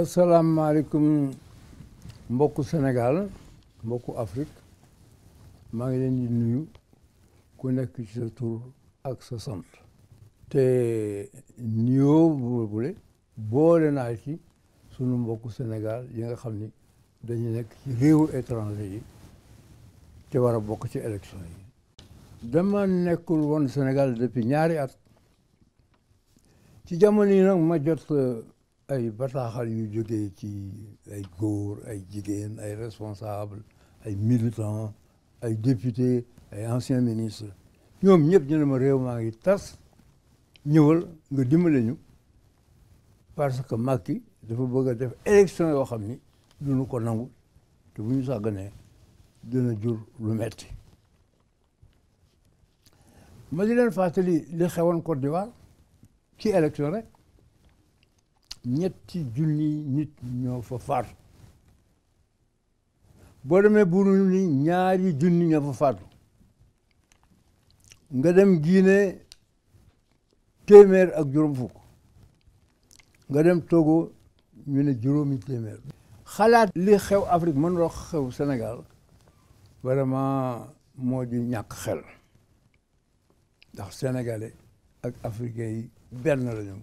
asalaamaaleykum mbokku Sénégal mbokku Afrique maa ngi leen di nuyu ku nekk ci sa tur ak sa sant te nuyoo boobule boole naa ci sunu mbokk Sénégal yi nga xam ni dañu nekk ci réewu étranger yi te war bokk ci élection yi dama nekkul woon Sénégal depuis ñaari at ci jamono yi nag ma jot ay bataaxal yu jógee ci ay góor ay jigéen ay responsable ay militants ay députés ay anciens ministres ñoom ñëpp ñu ne ma réew maa ngi tas ñëwal nga dimbale ñu parce que Macky dafa bëgg a def élection yoo xam ni duñu ko nangu te bu ñu sàgganee dina jur lu metti ma di leen fàttali li xewoon Côte d'Ivoire ci élection rek ñetti junni nit ñoo fa faatu boo demee buru ni ñaari junni ñoo fa faatu nga dem Guinée téeméer ak juróom fukk nga dem Togo ñu ne juróomi téeméer xalaat li xew Afrique mën loo xew Sénégal vraiment moo di ñàkk xel ndax sénégalais ak africain yi benn la ñu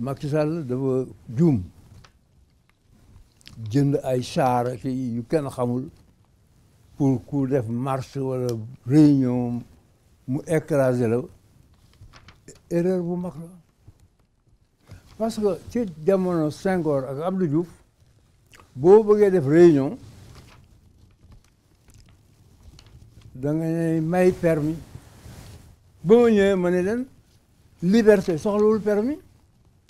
Macky Sall dafa juum ay pour def marche wala réunion la erreur bu parce que ci jamono Senghor ak Abdou Diouf boo bëggee def réunion da may permis ba ma liberté permis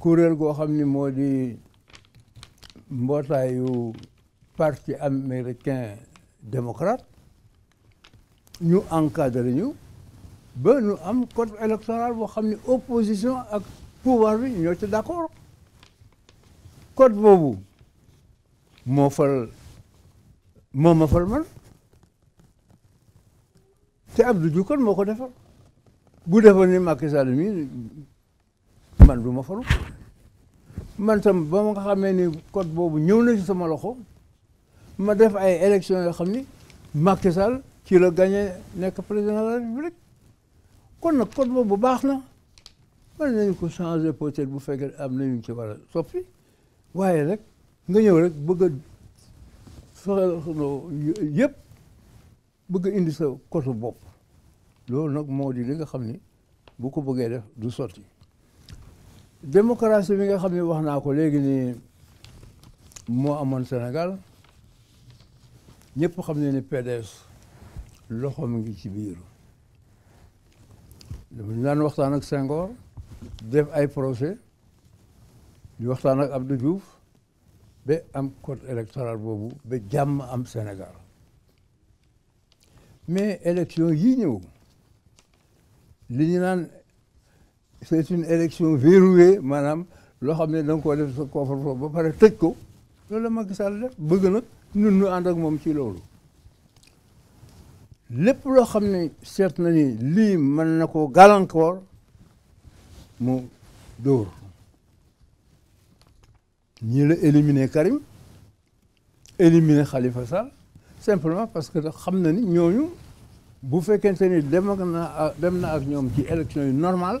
kuréel goo xam ni moo di mbootaayu parti américain démocrate ñu encadré ñu ba ñu am code électoral boo xam ni opposition ak pouvoir bi ñoo ci d'accord code boobu moo fal moo ma fal man te Abdou Diouf kon moo ko defar bu defoon ni Macky Sall mi man du ma falu man tam ba ma xamé ni code bobu ñew na ci sama loxo ma def ay élections yoo xam Macky Sall ci la gagné nekk président de la République kon nag code bobu baxna man mën ko changer peut-être bu fekkee am nañ ci wala a soppi waaye rek nga ñew rek bëgg a soxaloo yëpp bëgg indi sa code bobu loolu nak moo li nga xamni bu ko bëggee def du sorti démocratie comme nga que en Sénégal nous pas ne PDS loxo qui ngi Nous avons dañu daan waxtaan ak Senghor def ay avons waxtaan Abdou Diouf code électoral mais Sénégal mais l'élection yi li c'est une élection verrouillée maanaam loo xamné ne da nga koo def sa coffre fort ba paré tëj ko Lolu la Macky Sall def bëgg nag ñun ñu and ak mom ci lolu. lépp lo xamné ne na ni li man na koo gàllankoor mu dóor Ñi la éliminer Karim éliminer Khalifa Sall simplement parce que xam na ni ñooñu bu fekkente ni dem na dem na ak ñoom ci élection yu normale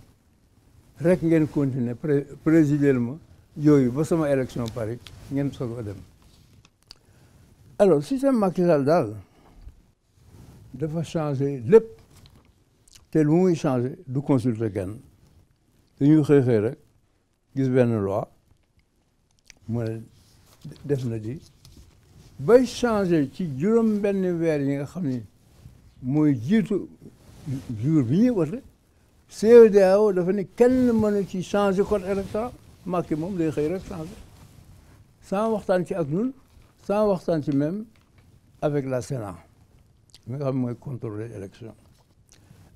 rek ngeen continuer pré présider yooyu ba sama élection Paris ngeen soog a dem alors système Macky Sall daal dafa changer lépp te lu muy changer du consulter kenn dañuy xëy xëy rek gis benn loi mu ne def na di bay changer ci juróom benn weer yi nga xam ni mooy jiitu jour bi ñuy wote CEDAO devenait quel monnaie qui changeait le code électoral Macky moom day xëy rek changer sans nous, ci ak ñun sans waxtaan ci même avec la Sénat Mais comme moi, contrôler l'élection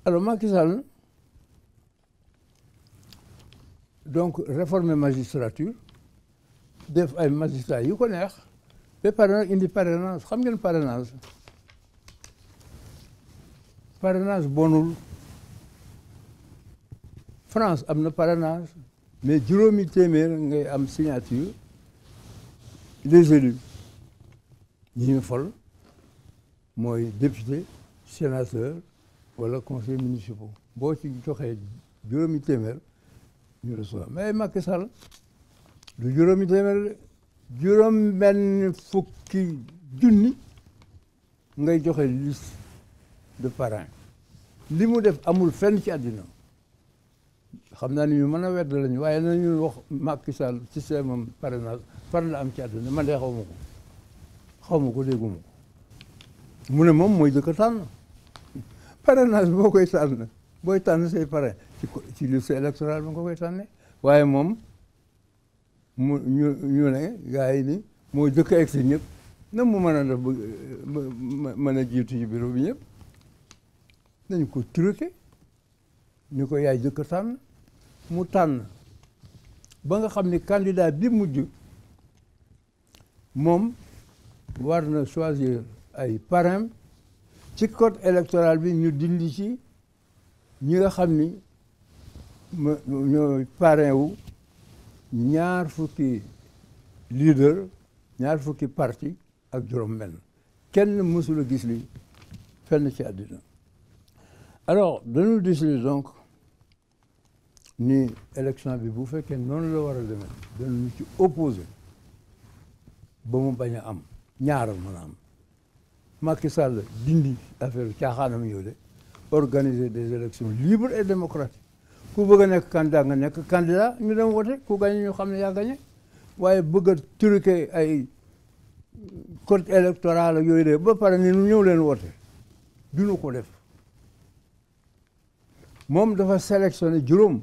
alors Macky Sall donc réformer magistrature def ay magistrats il connaît, mais ba parrainage il ngeen parrainage parrainage bonul France a na parrainage mais Jérôme téeméer a une signature des élus ñi ñu fol suis député sénateur wala conseiller municipal boo ci Jérôme juróomi je ñu reçoit mais Jérôme Sall du juróomi téeméer juróom benn fukki junni ngay une liste de parrain li mu def amul fenn ci àddina xam naa ni ñu mën a wedd lañu waaye nañu wax Macky ci système am parrainage far la am ci àdduna man de xaw ma ko xaw ma ko dégguma ko mu ne moom mooy dëkk tànn parrainage boo koy tànn booy tànn say parrain ci ci liste électorale ba nga koy tànne waaye moom mu ñu ne gars ni moo jëkk egg si ñëpp na mu mën a def ba mën a jiitu ñu bureau ñëpp nañu ko truqué ñu ko yaay dëkk tànn mu tànn ba nga xam ni candidat bi mujj moom war na choisir ay parrain ci code électoral bi ñu dindi ci ñi nga xam ni ñooy parrain wu ñaar fukki leader ñaar fukki parti ak juróom benn kenn mësula gis li fenn ci àddina alors dañu gis li donc ni élection bi bu fekkee noonu la war a demee dañu ci opposé ba mu bañ a am ñaar mën a am Macky Sall dindi affaire caaxaanam yow de organiser des élections libres et démocratiques ku bëgg a nekk candidat nga nekk candidat ñu dem wote ku gagné ñu xam ne yaa gagné waaye bëgg a truqué ay code électoral yooyu de ba pare ni ñëw leen wote duñu ko def moom dafa sélectionné juróom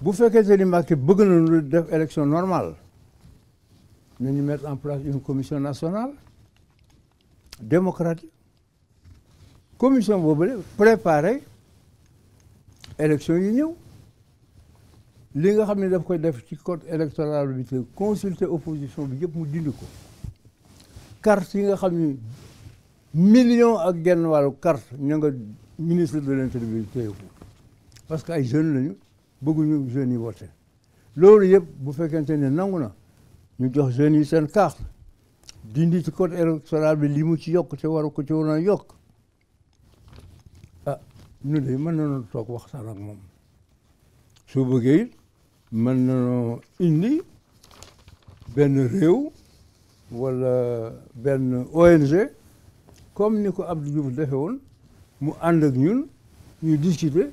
bu vous ni Macky bëgg nañu def élection normale Nous mettre en place une commission nationale démocratique commission vous préparer élection union. ñëw li nga xam ne daf koy code électoral bi consulter opposition bi pour mu dindi ko carte yi nga xam ni le ak genn le carte ministre de l'intérieur parce que ay jeunes lañu bëgguñu jeunes yi voté loolu yëpp bu fekkente ne nangu na ñu jox jeunes yi seen carte dindi ci code électoral bi li mu ci yokk te war ko ci waroon yokk ah ñu de mën nañoo toog waxtaan ak moom soo bëggee it mën indi benn réew wala benn ONG comme ni ko Abdou Diouf defe woon mu ànd ak ñun ñu discuter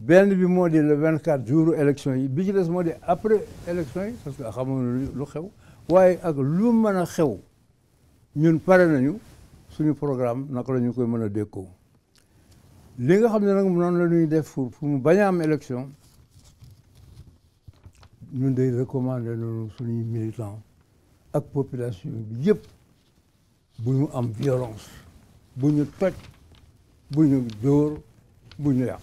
ben bi moo di le vingt jours élection yi bi ci des moo di après élection yi parce que xamone lu xew waye ak lu meuna xew ñun paré nañu suñu programme nak lañu koy meuna déko li nga xam nak non noonu la ñuy def pour mu baña am élection ñun day recommander noonu suñu militants ak population bi yépp bu ñu am violence bu ñu toj bu ñu dóor bu ñu yàq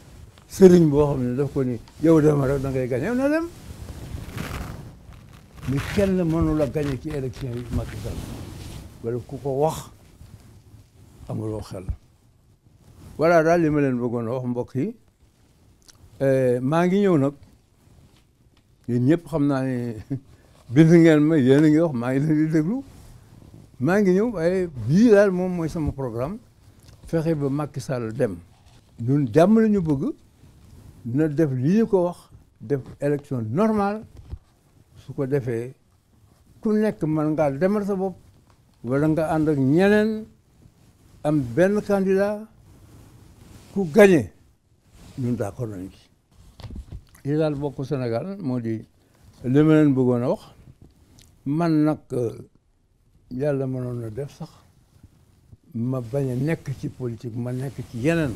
sëriñ boo xam ne daf ko ni yow dama rek da ngay na dem mi kenn mënul a gañe ci élection yi Macky Sall ku ko wax amuloo xel voilà daal li ma leen bëggoon a wax mbokk yi eh, maa ngi ñëw nag yéen ñëpp xam naa ne bind ngeen ma yéen a ngi wax maa ngi leen di déglu maa ngi ñëw waaye bii daal moom mooy sama programme fexe ba Macky Sall dem ñun jàmm ñu bëgg ne def li ñu ko wax def élection normale su ko defee ku nekk man ngaa demal sa bopp wala nga ànd ak ñeneen am benn candidat ku gagné ñun d'accord nañ ci li daal bokk Sénégal moo di li ma leen bëggoon a wax man nag euh, yàlla mënoon na def sax ma bañ a nekk ci politique ma nekk ci yeneen